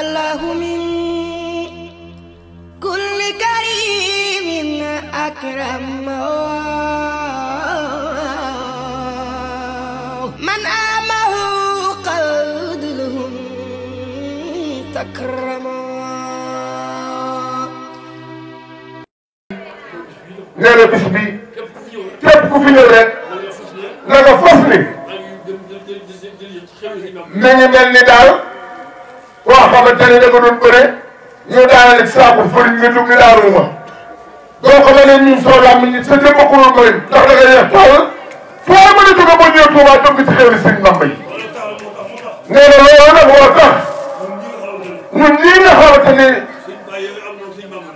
الله من كل كريم أكرم من آمه قلد لهم تكرما نانا بسبي كيف كفي نورك نانا فصلي ما نمل نداو boo xamante ne da nga doon bëre ñu daanaka saako fëriñ nga dugg daanu ma. boo ko mënee ñun soo làmb ñi sa jëmm ku doon bëri ndax da nga yeex taal foo mën a dugg ba ñëw Tuuba dugg ci xew sëñ Bamba yi. nee na loolu nag moo tax ñun lii nga xamante ni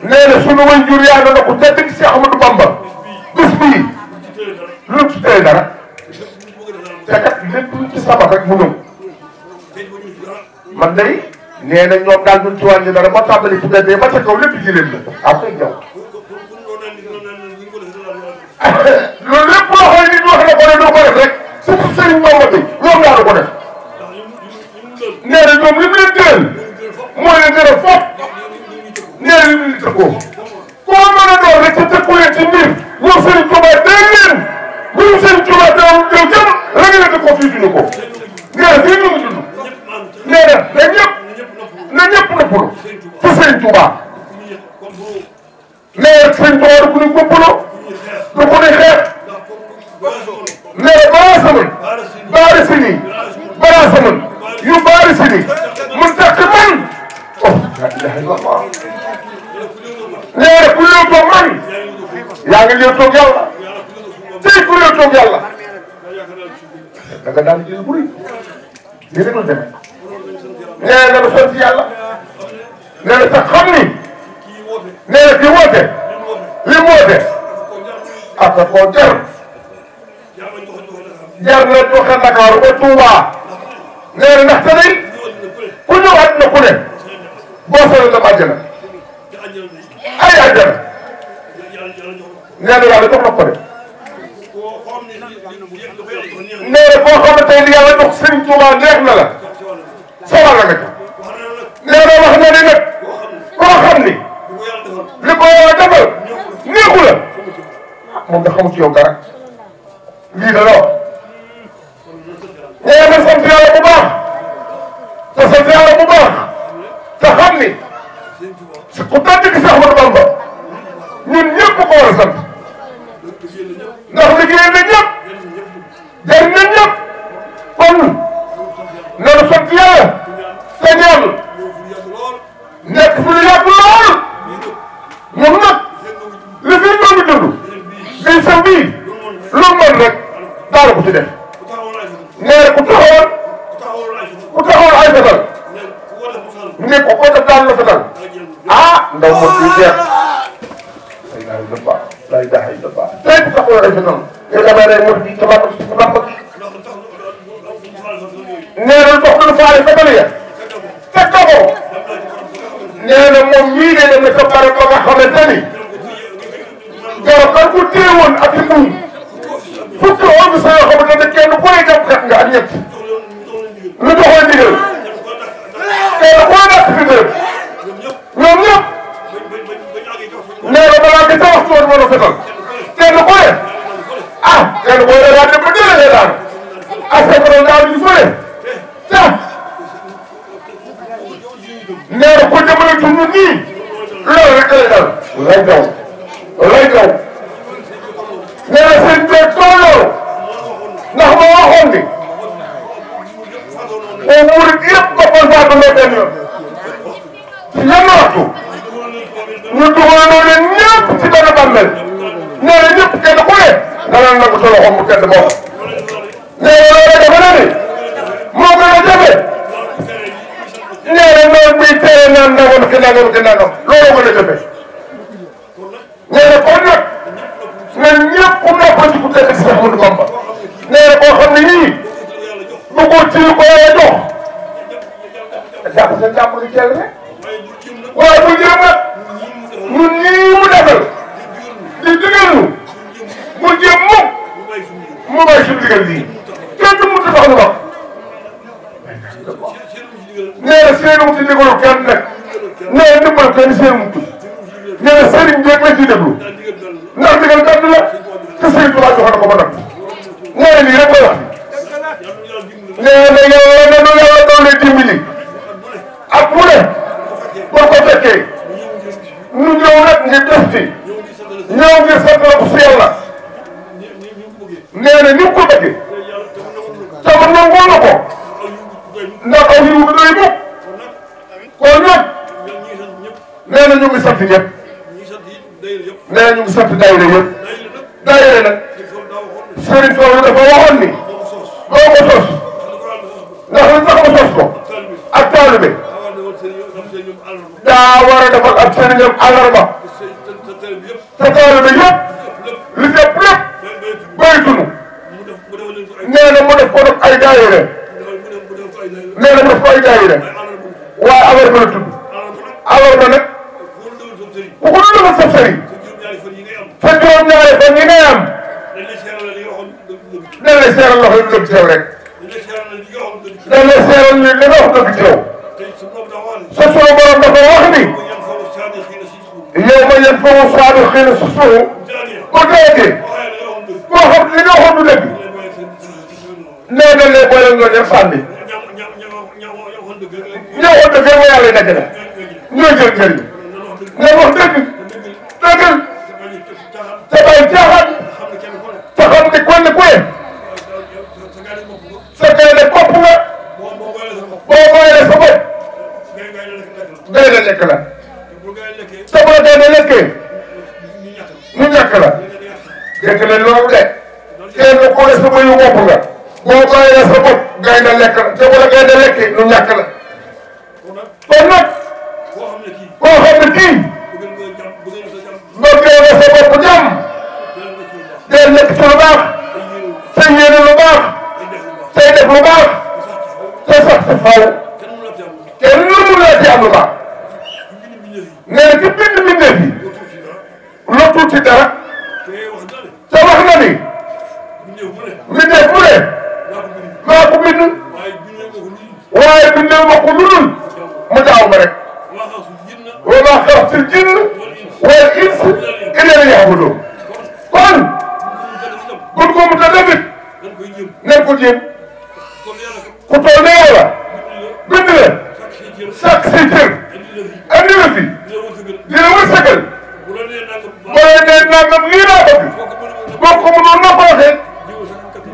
nee na sunu way jur yaa na ko tedd ci Cheikh Ahmadou Bamba bis bii lu ci tey dara te kat lépp lu ci sabab rek mu ñëw man day nee na ñoom daal duñ ci wàññi dara ba tàmbali bu demee ba ca kaw lépp jigéen la am nañ jaww. loolu lépp loo xam ne nit wax na ko ne doo ko def rek surtout Serigne Bamba bi loolu laa ko def. nee na ñoom li mu leen tëral mooy leen gën a foog nee na li mu leen tëkkoo koo mën a doon rek ca tëkkuleen ci mbir ñoom Serigne Touba day leen ñoom Serigne Touba daawul jëm jëm rek la tëkkoo fii dund ko nee na fii dund dund. jébbalu ci sëñ Touba nee sëñ Touba du ko ni ni xeet nee balaa samul baari sini balaa samul yu baari sini mu takk man oh la ilaha illallah nee ku yóbboo man yaa ngi leen toog yàlla tey ku leen toog yàlla da nga daal jël bu rëy nii la doon demee nee na nga sant nee na sax xam ni nee li mu woote ak koo jar jar na joxe Ndakaaru ba Touba nee na ndax tamit ku ñëw àdduna ku ne boo soobee dem àjjana ay àjjana nee na yàlla jox na ko de. nee na boo li yàlla jox Sëriñ Touba neex na la. moom da xamul ci yow dara lii da loo nee na sant yàlla bu baax te sant yàlla bu baax te xam ni ku tànn ki sax Ahmadu Bamba ñun ñëpp ko war a sant ndax liggéey na ñëpp jëriñ na ñëpp kon nanu sant yàlla waaye ba bëri ya fekk ko nee na moom mii day dem ne ko pare ba nga xamante ni garab kan ku téye woon ak i mbuum fukki office yoo xamante ne kenn ku ne jàppkat nga ak ñett lu doxoon ndigal kenn ku ne dàq ndigal ñoom ñëpp nee na balaa nga tabax woon mën a fetal kenn ku ne ah kenn ku ne daal dem ba jëlee daal askan bi daal daal ñu fële. nee na ko jëmale ci ñun nii loolu rek lay dal lay daw lay daw nee na sëñ bi tolloo ndax ma waxoon ni au murid yëpp boppam saa ko lay benn yoon ci yenn waxtu ñu dugaloo leen ñëpp ci benn bàmmeel nee na ñëpp kenn ku ne dana nangu sa loxo mu tedd moom nee na loolu dafa ne naan nangam ki nangam ki nangam loolu mën a jëfee nee na kon nag na ñëpp noppandi nii du ko ci ko yàlla jox jàpp sa jàpp lu jël rek waaye bu jëm nag ñun nii mu defal di digal ñu mu jëm mukk mu bàyyi suñu digal bii kenn du mu tax lu wax nee na seen wuti ndigalu kenn nag yor kenn séeréer nee na sëriñ bi rek la ciy déglu ndax ndigal dànd la te sëriñ Tuubaa joxoon na ko ba nag nee na lii rek la wax nee na yow na nu yàlla doole dimbali ak bu ne ko fekkee nu ñëw nag def ci ñëw ngir ko su yàlla nee na ni mu ko na ko ndax aw yi nee na ñu ngi sant ñëpp nee na ñu ngi sant daayira yëpp daayira nag sëriñ Fallou dafa waxoon ni moo ko sos ndax li tax ko sos ko ak taalibe daa war a defal ab sëriñam àllarba te taalibe yëpp li jëpp lépp baytunu nee na mu def ko def ay daayira nee na mu def ko ay daayira waaye affaire bi la tudd àllarba nag wóorul sa sëriñ fa juróom-ñaari fan ñi ngay am dañ lay seeral loxo yu dëgg teew rek dañ lay seeral li li nga wax dëgg teew sa sunu borom dafa wax ni yow ma yan fa wu saadu xiina sa suuf bu déedéet koo xam li nga waxoon du dëgg nee na lee boole nga ñëw sànni ñëwoon dëgg yàlla dajale ñoo jël njëriñ ngay wax dëgg dëggal te bàyyi caaxaan te xam ne kon ne ku ne sa gaynde bopp nga boo booyee sa bopp gaynde lekk la te boo gaynde lekkee ñu ñàkk la dégg leen loolu de kenn ku ne sa bëyu bopp nga boo booyee sa bopp gaynde lekk la te boo gaynde lekkee ñu ñàkk la kon nag kii nga gën a sa bopp jàmm day nekk ci lu baax say yéene lu baax say def lu baax te sax si faaw kenn mënu laa ci am lu baax nee ci bind mbindeef yi lottul ci dara te wax na ni mbindeef mu ne maa ko bind waaye bindee ma ko lu dul mu jaaw ma وما خلقت الجن والإنس إلا ليعبدون kon gën ko mu tëdd it nañ ko jéem ku toll ne yàlla bind la sàkk say jër andi la fi dina wërsëgal boo nee nangam lii laa bëgg boo ko mënoon na ko waxee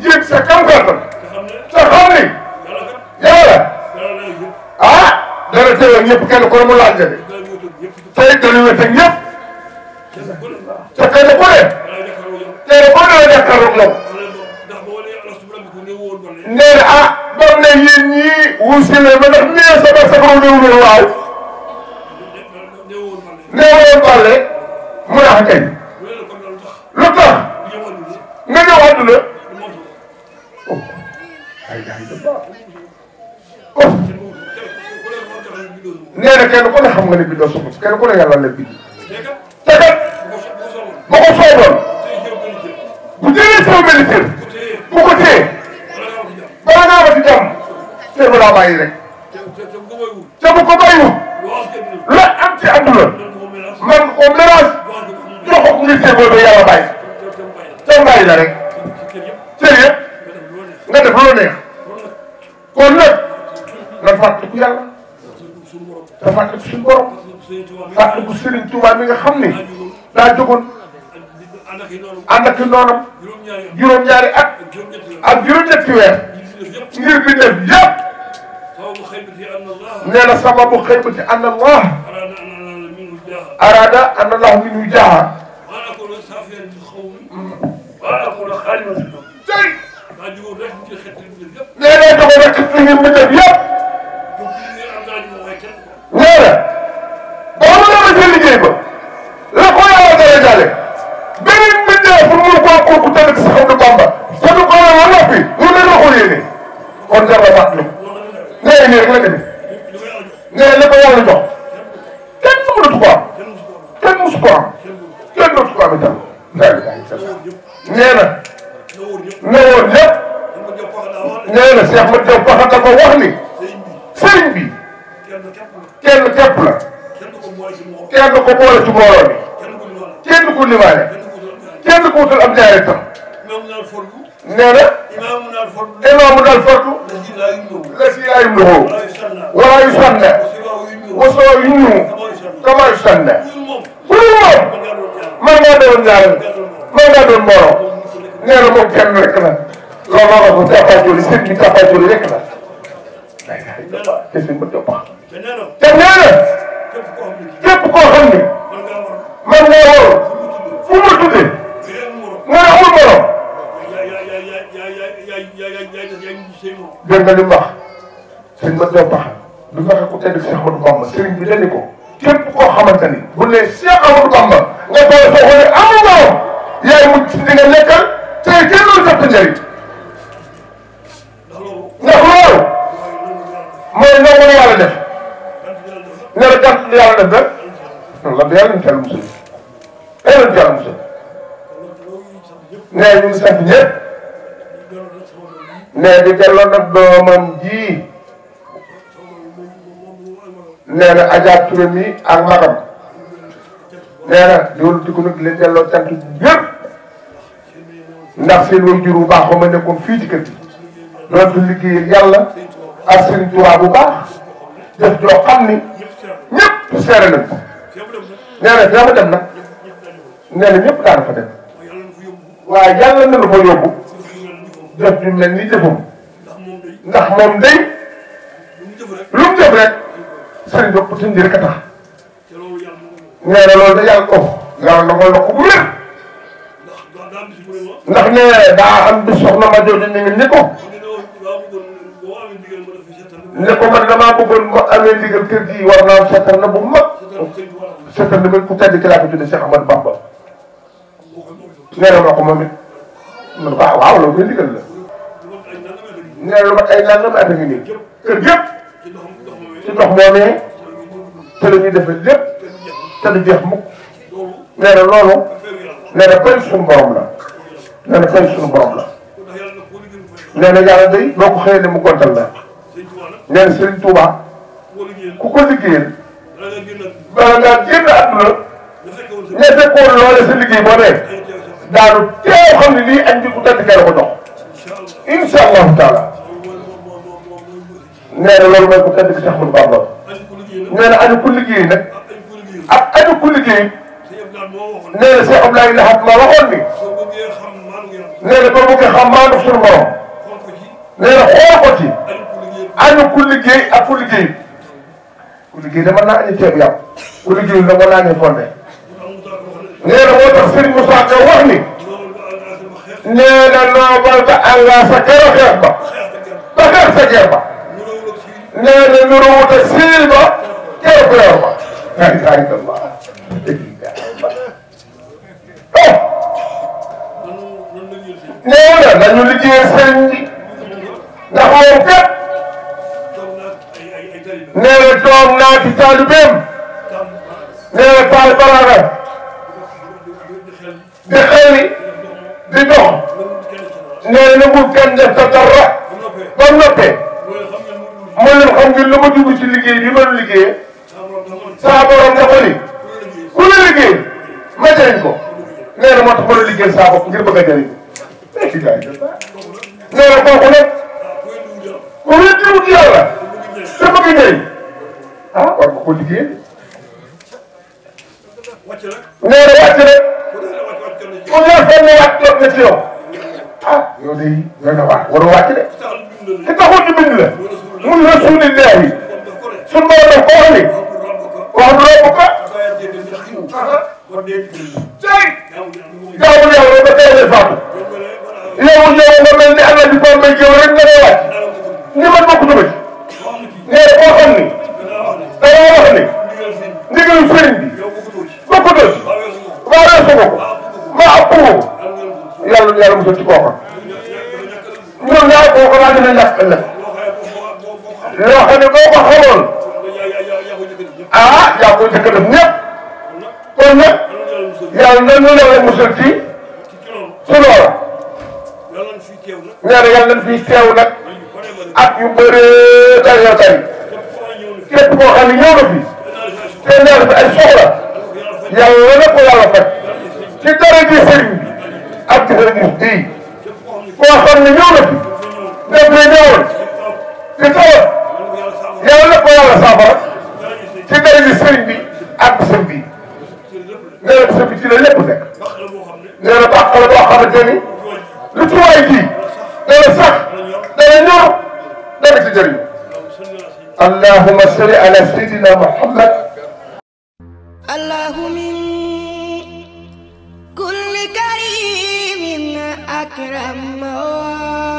jéem sa kam kàttan te xam ne yàlla ah dara teewal ñëpp kenn ku ne mu laaj la de. tey dañu wete ñëpp te kenn ku ne kenn ku ne la jàkkaarloog moom nee na ah bam ne yéen ñii wuusi leen ma ndax nee sama sabaru néew na waaw néewoon Balla mu ne ah lu tax nga ñëw àdduna oh. oh. nee na kenn ku ne xam nga ne bindoo suuf kenn ku ne yàlla la bind. te kat bu ko sooboon bu jëlee sama benn cër bu ko téye bala ngaa ba ci jàmm te bu laa bàyyi rek te bu ko bàyyiwul la am ci àdduna man au mélange loxo bu ngi téye ba yàlla bàyyi te bàyyi la rek cër yëpp nga def loo neex kon nag nga fàttaliku yàlla. dafa teg suñu borom fàttaliku Serigne Touba mi nga xam ne daa jógoon ànd ak noonam juróom-ñaari at ak juróom-ñetti weer ngir bi def yëpp nee na sababu xëybati an allah arada an allah minhu jaaha na doxul rek ci ngir mu nee na Cheikh Mate Diop wax a wax ni sëriñ bi kenn képp la kenn ko boole ci mbooloo bi kenn ku limaale kenn ku wutal am jaay tam nee na imaamu daal fardu la si laayum doxoo wala yu sànne wasoo yu ñu kama yu sànne bu dul moom man ngaa doon loolu la bu tapajoli sëñ bi tapajoli rek la te suñ ko jox te nee na képp koo xam ni man ngay wóor fu mu tuddee nga ne amul morom dégg nga li mu wax sëñ ma jox baax du fexe ku tedd Cheikh Ahmadou Bamba sëriñ bi dandi ko képp koo xamante ni bu ne Cheikh Ahmadou Bamba nga doon foofu ne amul morom yaay mujj di nga nekkal te kenn doon jot njëriñ yàlla da rabbi yàlla ñu teel musul yàlla ñu teel musul na Adja Touré mi ak magam nee na loolu di ko nag di leen delloo cant ñëpp ndax seen waajur bu baax ba ma fii ci kër gi doon du liggéeyal yàlla ak seen baax def joo xam ni seere nañ ko nee na dama dem nag nee na ñëpp daana fa dem waaye yàlla na la fa yóbbu jëf ju mel ni jëfam ndax moom day lu mu jëf rek sëriñ bopp tax nee na loolu da yàlla ko yàlla na bu wér ndax nee daa am du soxna ma jooju ni ko ne ko man damaa bëggoon ma amee ndigal kër gi war naa am seetal na bu mag seetal na ku tedd ki laa ko tuddee Cheikh Ahmad Bamba nee na ma ko moom it man waaw ah, waaw loolu koy ndigal la nee na lu mat ay nangam at a ngi nii kër yëpp ci ndox moomee te la ñuy defee lépp te du jeex mukk nee na loolu nee na pay suñu borom la nee na pay suñu borom la nee na yàlla day boo ko xëyee ne mu gontal la neen Serigne Touba ku ko liggéeyal bala ngaa génn àdduna ña fekkoon loole sa liggéey boo dee daanu teew xam ne lii añ ji ku tedd kay la ko jox incha allahu taala nee na loolu mooy ku tedd ki Cheikh Ahmadou Bamba nee na añu ku liggéey nag ak añu ku liggéey nee na Cheikh Abdoulaye Lahad ma waxoon ni nee na boo bëggee xam maanu suñu borom nee na xool ko ci añu ku liggéey ak ku liggéey ku liggéey dama naa añu ceeb yàpp ku liggéey dama naa añu fonde nee na moo tax Serigne Moussa Ka wax ni nee na noobal ba àngaa sa kero xeex ba ba xeex sa geer ba nee na nuru wut ak sii ba kero xeex ba la ilaha illallah nee na nañu liggéey sëñ toog naa ci taalibeem nee na Baay di xëy di dox nee na mu kenn ba noppee mu leen xam ngeen lu ma dugg ci liggéey bi ma liggéeyee saa borom dafa ni ku la liggéey ma jëriñ ko nee na moo tax ma liggéey saa ngir bëgg a jëriñ nee na kooku ku wér di wut yàlla te bëgg ku ko liggéey nee na wàcc rek ku ñor fenn wàcc jot na ci yow ah yow de doy na waar waroo wàcc de ki taxul ñu bind la mun rasulillahi suñu borom daf koo xam ne wax du romb ko tey gaawul yow ba tey lay faatu yow ñëw nga mel ni alal di ko may jëw rek nga nee na yàlla nañ fi teew nag at yu bëree bëri la bëri képp koo xam ne ñëw na fi te nee na ay soxla yàlla na ko yàlla faj ci dara ji sëriñ bi ak ci sëriñ bi koo xam ne ñëw na fi def na ñëwoon ci tawat yàlla na ko yàlla saafara ci dara ji sëriñ bi ak sëriñ bi nee na sëriñ bi ci la lépp nekk nee na baax la boo xamante ni. lu ci waay ji dana sax dana ñor dana ci jëriñ allahumma salli ala sayyidina muhammad allahu min kulli karimin akram